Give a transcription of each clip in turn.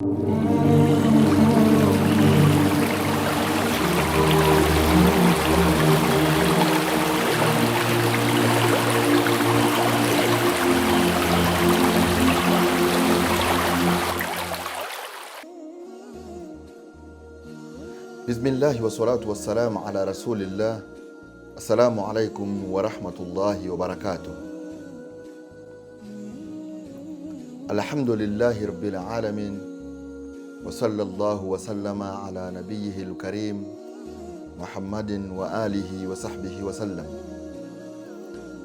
بسم الله والصلاة والسلام على رسول الله السلام عليكم ورحمة الله وبركاته الحمد لله رب العالمين wa sallallahu wa sallama ala nabiyihi lkarim Muhammadin wa alihi wa sahbihi wa sallam.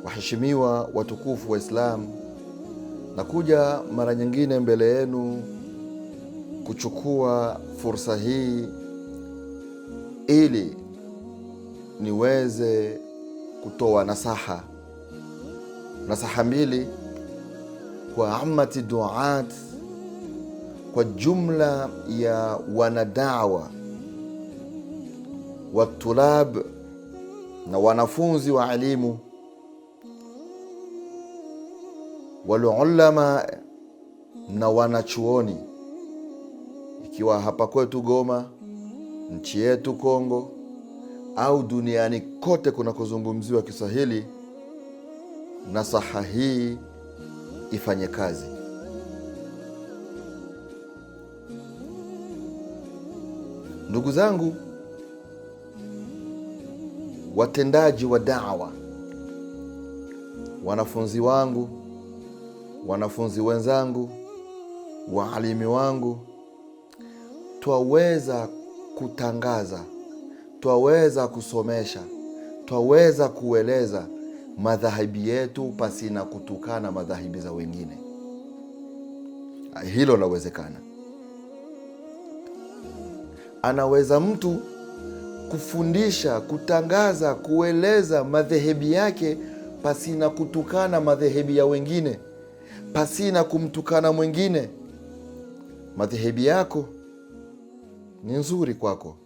Waheshimiwa watukufu wa Islam, nakuja mara nyingine mbele yenu kuchukua fursa hii ili niweze kutoa nasaha nasaha mbili kwa amati duat kwa jumla ya wanadawa wa tulab na wanafunzi wa elimu walulama na wanachuoni, ikiwa hapa kwetu Goma, nchi yetu Kongo, au duniani kote kunakozungumziwa Kiswahili, na saha hii ifanye kazi. Ndugu zangu watendaji wa dawa, wanafunzi wangu, wanafunzi wenzangu, waalimi wangu, twaweza kutangaza, twaweza kusomesha, twaweza kueleza madhahibi yetu pasina kutukana madhahibi za wengine. Hilo lawezekana anaweza mtu kufundisha, kutangaza, kueleza madhehebu yake pasina kutukana madhehebu ya wengine, pasina kumtukana mwengine Madhehebu yako ni nzuri kwako,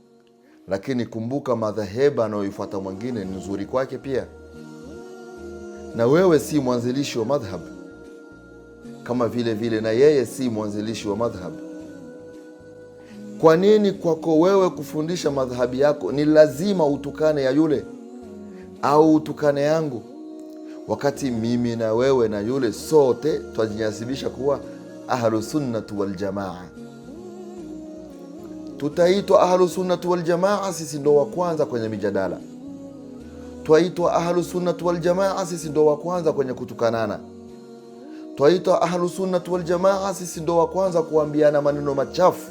lakini kumbuka madhehebu anayoifuata mwingine ni nzuri kwake pia, na wewe si mwanzilishi wa madhhab, kama vile vile na yeye si mwanzilishi wa madhhab. Kwa nini kwako wewe kufundisha madhhabi yako ni lazima utukane ya yule au utukane yangu, wakati mimi na wewe na yule sote twajinyasibisha kuwa ahlusunnatu waljamaa? Tutaitwa ahlusunnati waljamaa, sisi ndo wa kwanza kwenye mijadala. Twaitwa ahlusunnati waljamaa, sisi ndo wa kwanza kwenye kutukanana. Twaitwa ahlusunnati waljamaa, sisi ndo wa kwanza kuambiana maneno machafu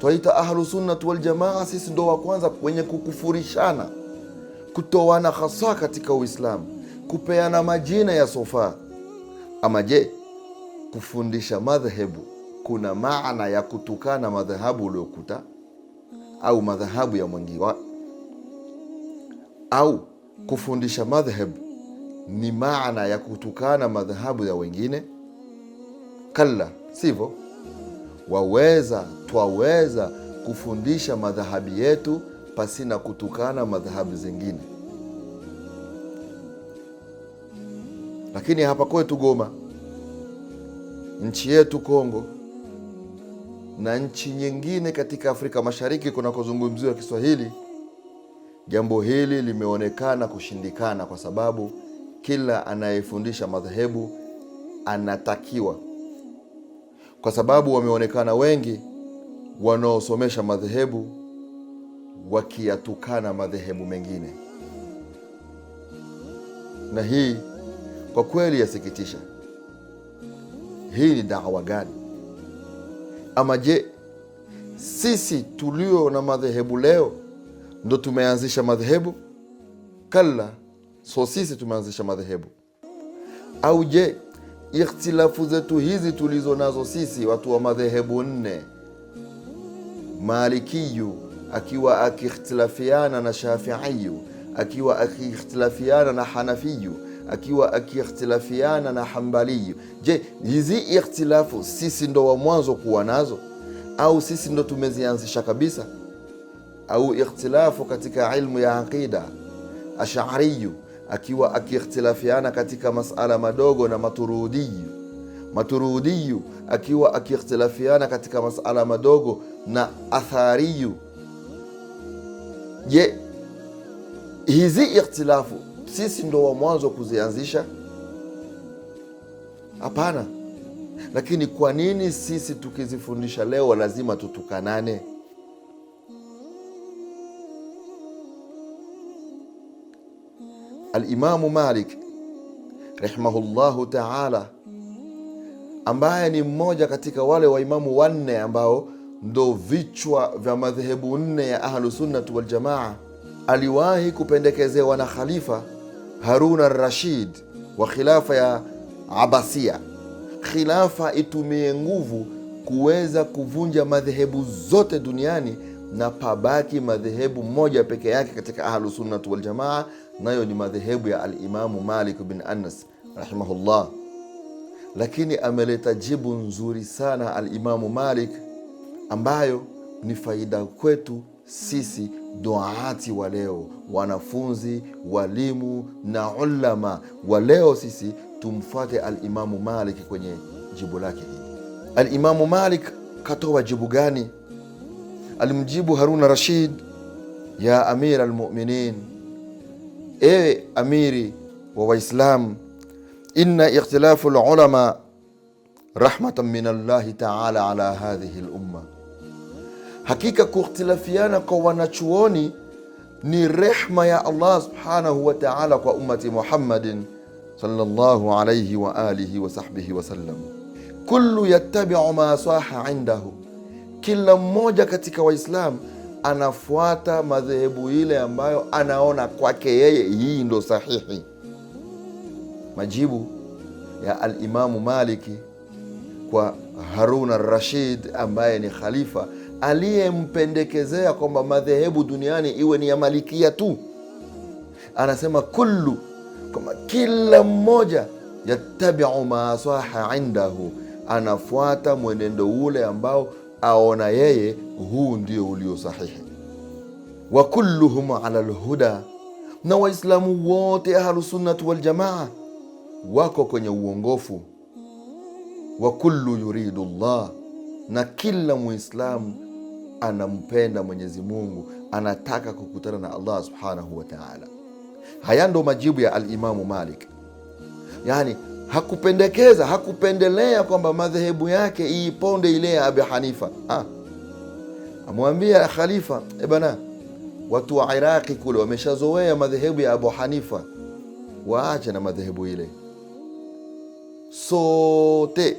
twaita Ahlusunnati Waljamaa, sisi ndo wa kwanza wenye kukufurishana, kutoana hasa katika Uislamu, kupeana majina ya sofa. Ama je, kufundisha madhehebu kuna maana ya kutukana madhehebu uliokuta au madhehebu ya mwengiwa, au kufundisha madhehebu ni maana ya kutukana madhehebu ya wengine? Kalla, sivyo. Waweza twaweza kufundisha madhahabi yetu pasina kutukana madhahabi zingine. Lakini hapa kwetu Goma, nchi yetu Kongo na nchi nyingine katika Afrika Mashariki kunakozungumziwa Kiswahili, jambo hili limeonekana kushindikana kwa sababu kila anayefundisha madhehebu anatakiwa, kwa sababu wameonekana wengi wanaosomesha madhehebu wakiyatukana madhehebu mengine, na hii kwa kweli yasikitisha. Hii ni dawa gani? Ama je, sisi tulio na madhehebu leo ndo tumeanzisha madhehebu? Kalla, so sisi tumeanzisha madhehebu? Au je, ikhtilafu zetu hizi tulizo nazo sisi watu wa madhehebu nne Malikiyu akiwa akiikhtilafiana na Shafiiyu akiwa akiikhtilafiana na Hanafiyu akiwa akiikhtilafiana na Hambaliyu. Je, hizi ikhtilafu sisi ndo wa mwanzo kuwa nazo au sisi ndo tumezianzisha kabisa? Au ikhtilafu katika ilmu ya aqida, Ashariyu akiwa akiikhtilafiana katika masala madogo na Maturudiyu Maturudiyu akiwa akiikhtilafiana katika masala madogo na Athariyu. Je, hizi ikhtilafu sisi ndo wa mwanzo kuzianzisha? Hapana. Lakini kwa nini sisi tukizifundisha leo lazima tutukanane? Alimamu Malik rahimahullahu taala ambaye ni mmoja katika wale waimamu wanne ambao ndo vichwa vya madhehebu nne ya Ahlusunnati Waljamaa, aliwahi kupendekezewa na Khalifa Harun Arrashid rashid wa khilafa ya Abasia, khilafa itumie nguvu kuweza kuvunja madhehebu zote duniani na pabaki madhehebu moja peke yake katika Ahlusunnati Waljamaa, nayo ni madhehebu ya Alimamu Malik bin Anas rahimahullah lakini ameleta jibu nzuri sana Alimamu Malik ambayo ni faida kwetu sisi duaati wa leo, wanafunzi, walimu na ulama wa leo, sisi tumfuate Alimamu Malik kwenye jibu lake hili. Alimamu Malik katoa jibu gani? Alimjibu Haruna Rashid, ya amira almuminin, ewe amiri wa Waislamu inna ikhtilafu lulama rahmatan min Allahi taala ala hadhihi lumma, hakika kukhtilafiana kwa wanachuoni ni rehma ya Allah subhanahu wa taala kwa ummati Muhammadin sallallahu alayhi wa alihi wa sahbihi wasallam. Kullu yattabiu ma saha indahu, kila mmoja katika waislam anafuata madhehebu ile ambayo anaona kwake yeye hii ndo sahihi majibu ya Alimamu Maliki kwa Harun Arrashid ambaye ni khalifa aliyempendekezea kwamba madhehebu duniani iwe ni ya Malikia tu. Anasema kullu, kama kila mmoja yattabiu maasaha indahu, anafuata mwenendo ule ambao aona yeye huu ndio ulio sahihi. Wa kulluhum ala lhuda, na Waislamu wote Ahlusunnati waljamaa wako kwenye uongofu wa kullu yuridu llah, na kila Muislamu anampenda Mwenyezi Mungu, anataka kukutana na Allah subhanahu wa taala. Haya ndo majibu ya Alimamu Malik, yani hakupendekeza hakupendelea kwamba madhehebu yake iiponde ile ya Abi Hanifa. Ha, amwambia khalifa, e bana, watu wa Iraqi kule wameshazoea madhehebu ya Abu Hanifa, waache na madhehebu ile sote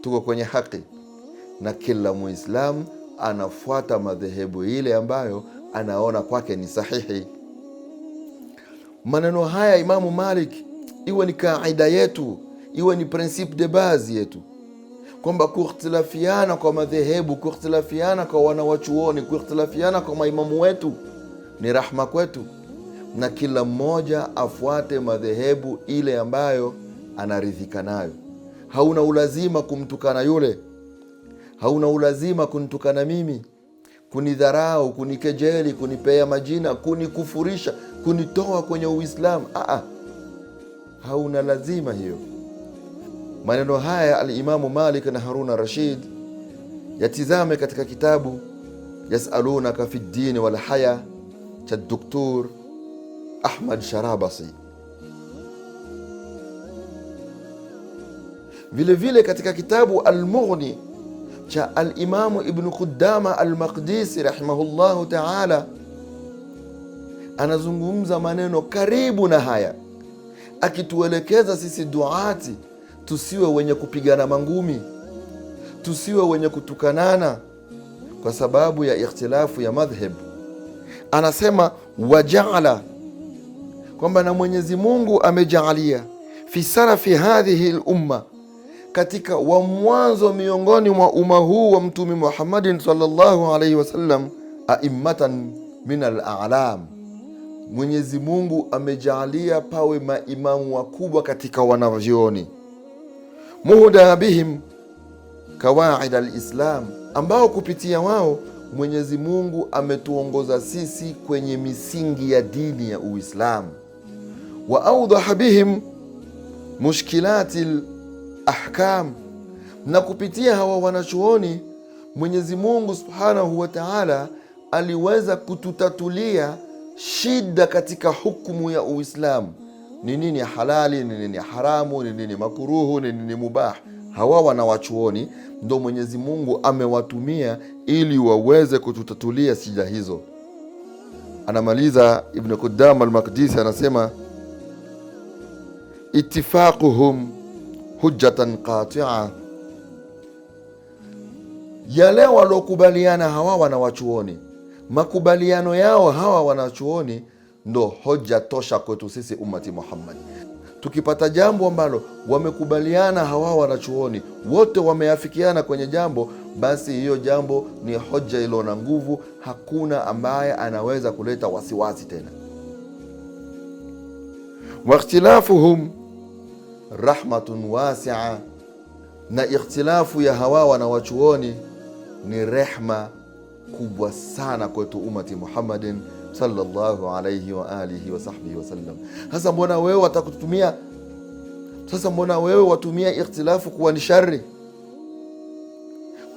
tuko kwenye haki na kila Muislamu anafuata madhehebu ile ambayo anaona kwake ni sahihi. Maneno haya Imamu Malik iwe ni kaida yetu, iwe ni prinsipe de base yetu, kwamba kuhtilafiana kwa madhehebu, kuhtilafiana kwa wanawachuoni, kuhtilafiana kwa maimamu wetu ni rahma kwetu, na kila mmoja afuate madhehebu ile ambayo anaridhika nayo. Hauna ulazima kumtukana yule, hauna ulazima kunitukana mimi, kunidharau, kunikejeli, kunipea majina, kunikufurisha, kunitoa kwenye Uislamu. Aa, hauna lazima hiyo. Maneno haya Alimamu Malik na Haruna Rashid yatizame katika kitabu Yasalunaka fi ddini walhaya cha Duktur Ahmad Sharabasi. Vile vile katika kitabu Almughni cha Alimamu Ibnu Qudama Almaqdisi rahimahullahu taala anazungumza maneno karibu na haya, akituelekeza sisi duati tusiwe wenye kupigana mangumi, tusiwe wenye kutukanana kwa sababu ya ikhtilafu ya madhhab. Anasema wajaala kwamba na Mwenyezi Mungu amejaalia fi sarafi hadhihi lumma katika wa mwanzo miongoni mwa umma huu wa Mtume Muhammadin sallallahu alaihi wasallam, aimmatan min alalam, Mwenyezi Mungu amejaalia pawe maimamu wakubwa katika wanavyoni, muhda bihim kawaida lislam ambao kupitia wao Mwenyezi Mungu ametuongoza sisi kwenye misingi ya dini ya Uislamu, wa audhaha bihim mushkilati ahkam. Na kupitia hawa wanachuoni Mwenyezi Mungu subhanahu wa taala aliweza kututatulia shida katika hukumu ya Uislamu. Ni nini halali, ni nini haramu, ni nini makuruhu, ni nini mubah. Hawa wanawachuoni ndo Mwenyezi Mungu amewatumia ili waweze kututatulia shida hizo. Anamaliza Ibn Qudama almaqdisi anasema itifaquhum hujjatan qatia. Yale waliokubaliana hawa wanawachuoni, makubaliano yao hawa wanachuoni ndo hoja tosha kwetu sisi ummati Muhammad. Tukipata jambo ambalo wamekubaliana hawa wanachuoni wote wameafikiana kwenye jambo, basi hiyo jambo ni hoja ilo na nguvu, hakuna ambaye anaweza kuleta wasiwasi tena. wakhtilafuhum rahmatun wasia, na ikhtilafu ya hawa wanawachuoni ni rehma kubwa sana kwetu umati Muhammadin sallallahu alayhi wa alihi wa sahbihi sallam. Sasa mbona wewe watakutumia? Sasa mbona wewe watumia ikhtilafu kuwa ni shari?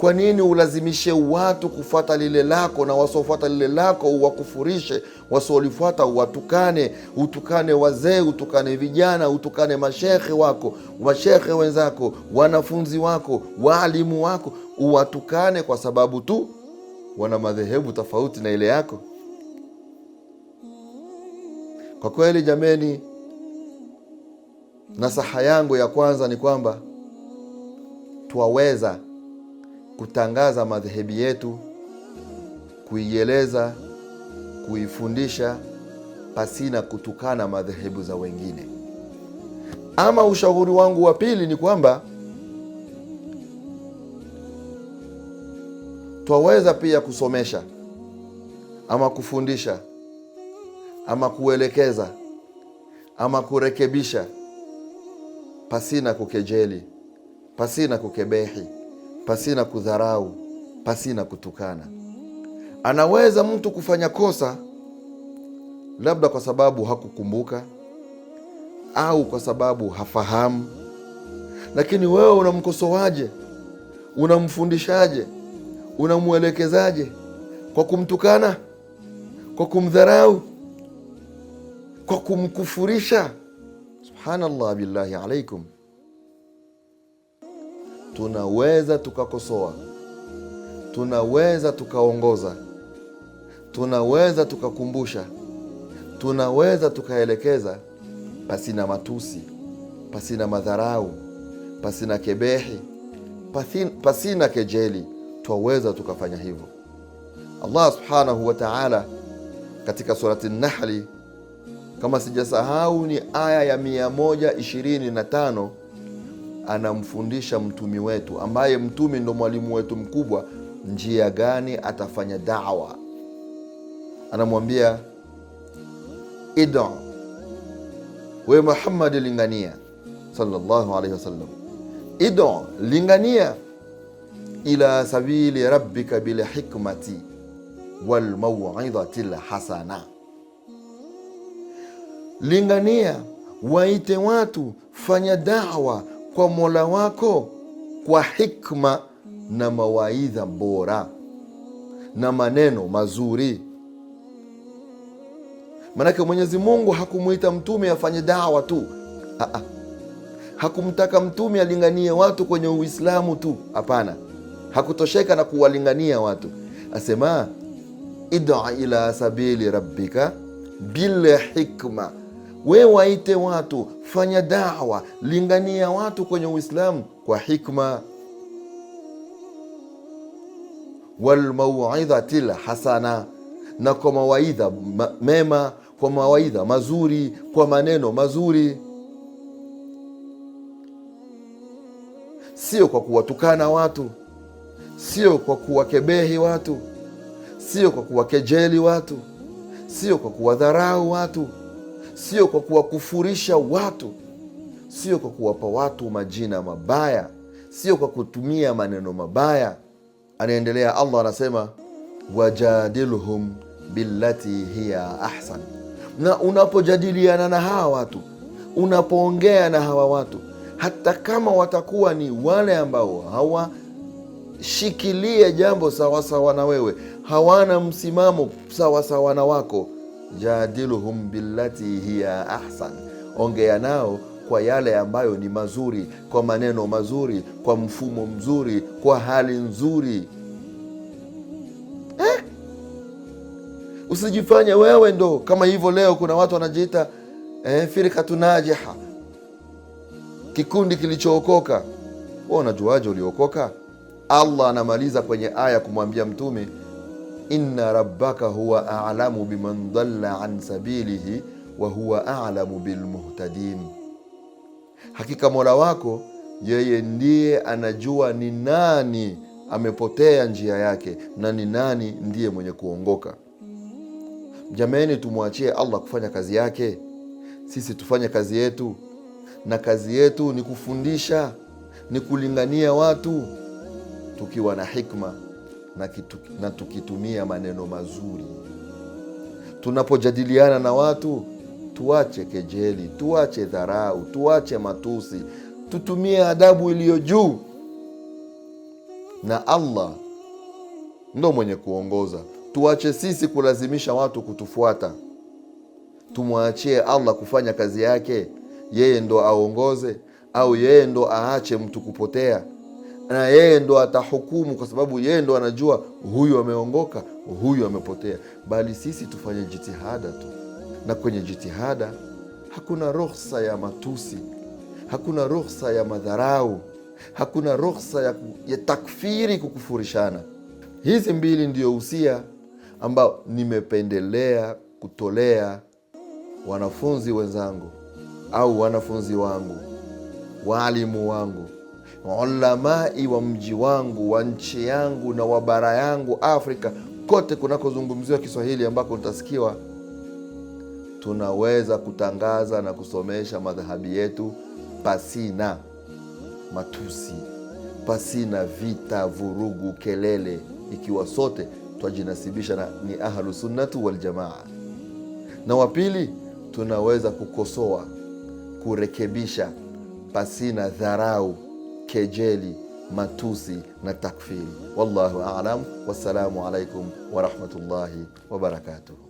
Kwa nini ulazimishe watu kufuata lile lako, na wasiofuata lile lako uwakufurishe, wasiolifuata uwatukane, utukane wazee, utukane vijana, utukane mashekhe wako, mashekhe wenzako, wanafunzi wako, waalimu wako, uwatukane kwa sababu tu wana madhehebu tofauti na ile yako? Kwa kweli jameni, nasaha yangu ya kwanza ni kwamba twaweza kutangaza madhehebi yetu, kuieleza, kuifundisha pasina kutukana madhehebu za wengine. Ama ushauri wangu wa pili ni kwamba twaweza pia kusomesha ama kufundisha ama kuelekeza ama kurekebisha pasina kukejeli, pasina kukebehi pasina kudharau, pasina kutukana. Anaweza mtu kufanya kosa labda kwa sababu hakukumbuka au kwa sababu hafahamu, lakini wewe unamkosoaje? Unamfundishaje? Unamwelekezaje? Kwa kumtukana? Kwa kumdharau? Kwa kumkufurisha? Subhanallah, billahi alaikum tunaweza tukakosoa, tunaweza tukaongoza, tunaweza tukakumbusha, tunaweza tukaelekeza, pasina matusi, pasina madharau, pasina kebehi, pasina kejeli. Twaweza tukafanya hivyo. Allah subhanahu wa taala katika surati Nahli, kama sijasahau, ni aya ya 125 anamfundisha mtumi wetu, ambaye mtumi ndo mwalimu wetu mkubwa, njia gani atafanya dawa. Anamwambia ida we Muhammad, lingania sallallahu alaihi wasallam, ida lingania ila sabili rabbika bilhikmati walmauidhati lhasana, lingania waite watu, fanya dawa kwa Mola wako kwa hikma na mawaidha bora na maneno mazuri. Maanake Mwenyezi Mungu hakumwita mtume afanye dawa tu, -ha. hakumtaka mtume alinganie watu kwenye Uislamu tu, hapana. Hakutosheka na kuwalingania watu, asema id'a ila sabili rabbika bila hikma we waite watu, fanya dawa, lingania watu kwenye Uislamu kwa hikma. Walmauidhati lhasana, na kwa mawaidha mema, kwa mawaidha mazuri, kwa maneno mazuri, sio kwa kuwatukana watu, sio kwa kuwakebehi watu, sio kwa kuwakejeli watu, sio kwa kuwadharau watu sio kwa kuwakufurisha watu, sio kwa kuwapa watu majina mabaya, sio kwa kutumia maneno mabaya. Anaendelea Allah anasema, wajadilhum billati hiya ahsan, na unapojadiliana na hawa watu, unapoongea na hawa watu, hata kama watakuwa ni wale ambao hawa shikilie jambo sawasawa na wewe, hawana msimamo sawasawa na wako jadiluhum billati hiya ahsan, ongea nao kwa yale ambayo ni mazuri, kwa maneno mazuri, kwa mfumo mzuri, kwa hali nzuri eh? Usijifanye wewe ndo kama hivyo. Leo kuna watu wanajiita eh, firkatu najiha, kikundi kilichookoka. Wewe unajuaje uliokoka? Allah anamaliza kwenye aya kumwambia Mtume inna rabbaka huwa a'lamu biman dhalla an sabilihi wa huwa a'lamu bilmuhtadin, hakika mola wako yeye ndiye anajua ni nani amepotea njia yake na ni nani ndiye mwenye kuongoka. Jameni, tumwachie Allah kufanya kazi yake, sisi tufanye kazi yetu, na kazi yetu ni kufundisha, ni kulingania watu tukiwa na hikma na, kitu, na tukitumia maneno mazuri. Tunapojadiliana na watu tuache kejeli, tuache dharau, tuache matusi, tutumie adabu iliyo juu, na Allah ndo mwenye kuongoza. Tuache sisi kulazimisha watu kutufuata, tumwachie Allah kufanya kazi yake. Yeye ndo aongoze au yeye ndo aache mtu kupotea na yeye ndo atahukumu, kwa sababu yeye ndo anajua huyu ameongoka, huyu amepotea. Bali sisi tufanye jitihada tu, na kwenye jitihada hakuna ruhusa ya matusi, hakuna ruhusa ya madharau, hakuna ruhusa ya, ya takfiri, kukufurishana. Hizi mbili ndiyo usia ambao nimependelea kutolea wanafunzi wenzangu au wanafunzi wangu, waalimu wangu ulamai wa mji wangu wa nchi yangu na wa bara yangu Afrika kote kunakozungumziwa Kiswahili ambako nitasikiwa, tunaweza kutangaza na kusomesha madhahabi yetu pasina matusi, pasina vita, vurugu, kelele, ikiwa sote twajinasibisha na ni ahlusunnatu Waljamaa. Na wa pili, tunaweza kukosoa, kurekebisha pasina dharau kejeli, matusi na takfiri. Wallahu aalam, wassalamu alaikum warahmatullahi wabarakatuhu.